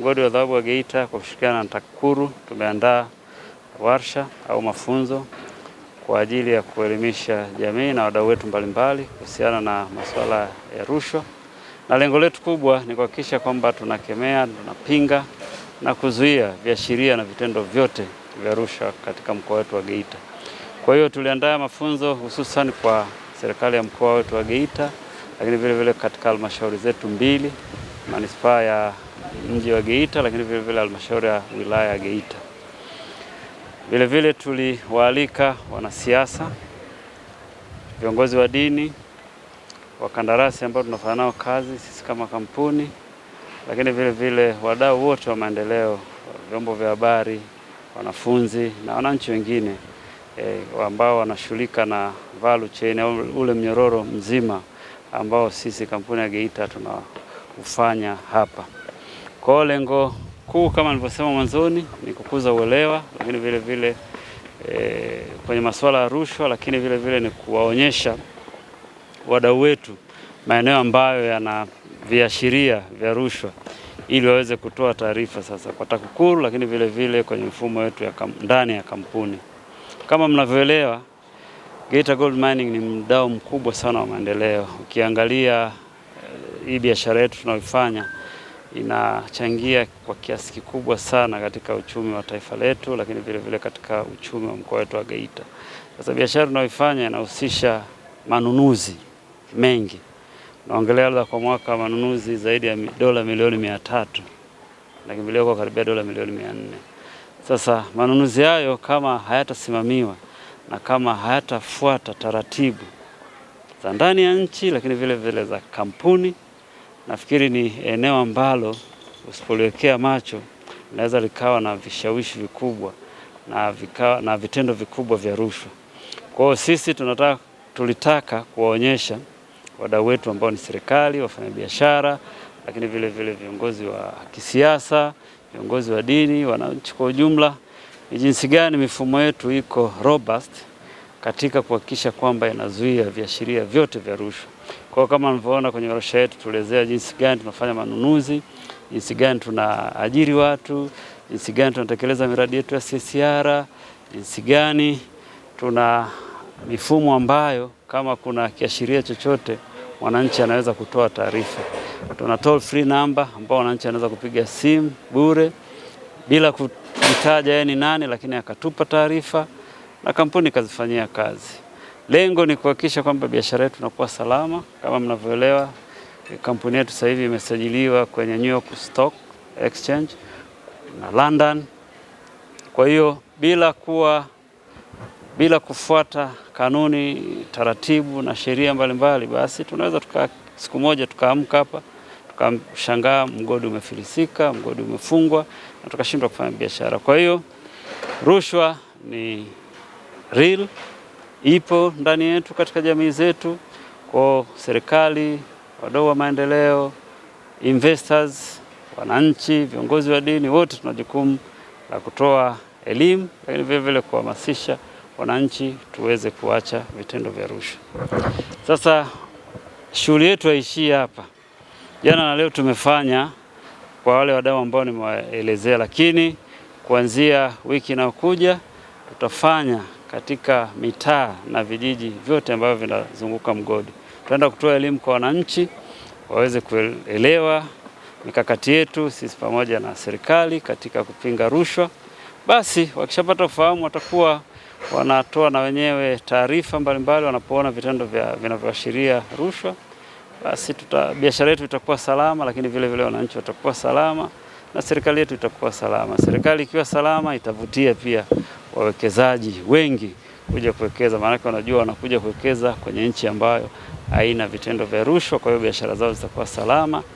mgodi wa dhahabu wa Geita kwa kushirikiana na TAKUKURU tumeandaa warsha au mafunzo kwa ajili ya kuelimisha jamii na wadau wetu mbalimbali kuhusiana na masuala ya rushwa, na lengo letu kubwa ni kuhakikisha kwamba tunakemea, tunapinga na kuzuia viashiria na vitendo vyote vya rushwa katika mkoa wetu wa Geita. Kwa hiyo tuliandaa mafunzo hususan kwa serikali ya mkoa wetu wa Geita, lakini vile vile katika halmashauri zetu mbili manispaa ya mji wa Geita, lakini vile vile halmashauri ya wilaya ya Geita. Vile vile tuliwaalika wanasiasa, viongozi wa dini, wakandarasi ambao tunafanya nao kazi sisi kama kampuni, lakini vile vile wadau wote wa maendeleo, vyombo vya habari, wanafunzi na wananchi wengine e, ambao wanashughulika na value chain au ule mnyororo mzima ambao sisi kampuni ya Geita tunaufanya hapa. Kwa hiyo lengo kuu kama nilivyosema mwanzoni ni kukuza uelewa, lakini vile vile e, kwenye masuala ya rushwa, lakini vile vile ni kuwaonyesha wadau wetu maeneo ambayo yana viashiria vya rushwa ili waweze kutoa taarifa sasa kwa TAKUKURU, lakini vile vile kwenye mfumo wetu ya kam, ndani ya kampuni. Kama mnavyoelewa, Geita Gold Mining ni mdau mkubwa sana wa maendeleo. Ukiangalia e, hii biashara yetu tunaoifanya inachangia kwa kiasi kikubwa sana katika uchumi wa taifa letu, lakini vile vile katika uchumi wa mkoa wetu wa Geita. Sasa biashara tunayoifanya inahusisha manunuzi mengi, naongelea labda kwa mwaka manunuzi zaidi ya dola milioni mia tatu nakimbilia kwa karibia dola milioni mia nne. Sasa manunuzi hayo kama hayatasimamiwa na kama hayatafuata taratibu za ndani ya nchi, lakini vile vile za kampuni nafikiri ni eneo ambalo usipoliwekea macho linaweza likawa na vishawishi vikubwa na, vikawa, na vitendo vikubwa vya rushwa. Kwa hiyo sisi tunataka, tulitaka kuwaonyesha wadau wetu ambao ni serikali, wafanyabiashara, lakini vile vile viongozi wa kisiasa, viongozi wa dini, wananchi kwa ujumla, ni jinsi gani mifumo yetu iko robust katika kuhakikisha kwamba inazuia viashiria vyote vya rushwa. Kwa kama mlivyoona kwenye warsha yetu, tuelezea jinsi gani tunafanya manunuzi, jinsi gani tunaajiri watu, jinsi gani tunatekeleza miradi yetu ya CSR, jinsi gani tuna mifumo ambayo kama kuna kiashiria chochote mwananchi anaweza kutoa taarifa. Tuna toll free number ambao wananchi anaweza kupiga simu bure bila kutaja yeye ni nani, lakini akatupa taarifa na kampuni ikazifanyia kazi. Lengo ni kuhakikisha kwamba biashara yetu inakuwa salama. Kama mnavyoelewa, kampuni yetu sasa hivi imesajiliwa kwenye New York Stock Exchange na London. Kwa hiyo bila kuwa bila kufuata kanuni, taratibu na sheria mbalimbali, basi tunaweza tuka siku moja tukaamka hapa tukamshangaa mgodi umefilisika, mgodi umefungwa na tukashindwa kufanya biashara. Kwa hiyo rushwa ni real ipo ndani yetu katika jamii zetu, kwa serikali, wadau wa maendeleo, investors, wananchi, viongozi wa dini, wote tuna jukumu la kutoa elimu, lakini vile vile kuhamasisha wananchi tuweze kuacha vitendo vya rushwa. Sasa shughuli yetu haishii hapa. Jana na leo tumefanya kwa wale wadau ambao nimewaelezea, lakini kuanzia wiki inayokuja tutafanya katika mitaa na vijiji vyote ambavyo vinazunguka mgodi. Tutaenda kutoa elimu kwa wananchi waweze kuelewa mikakati yetu sisi pamoja na serikali katika kupinga rushwa. Basi wakishapata ufahamu, watakuwa wanatoa na wenyewe taarifa mbalimbali wanapoona vitendo vinavyoashiria rushwa. Basi biashara yetu itakuwa salama, lakini vile vile wananchi watakuwa salama na serikali yetu itakuwa salama. Serikali ikiwa salama, itavutia pia wawekezaji wengi kuja kuwekeza, maanake wanajua wanakuja kuwekeza kwenye nchi ambayo haina vitendo vya rushwa, kwa hiyo biashara zao zitakuwa salama.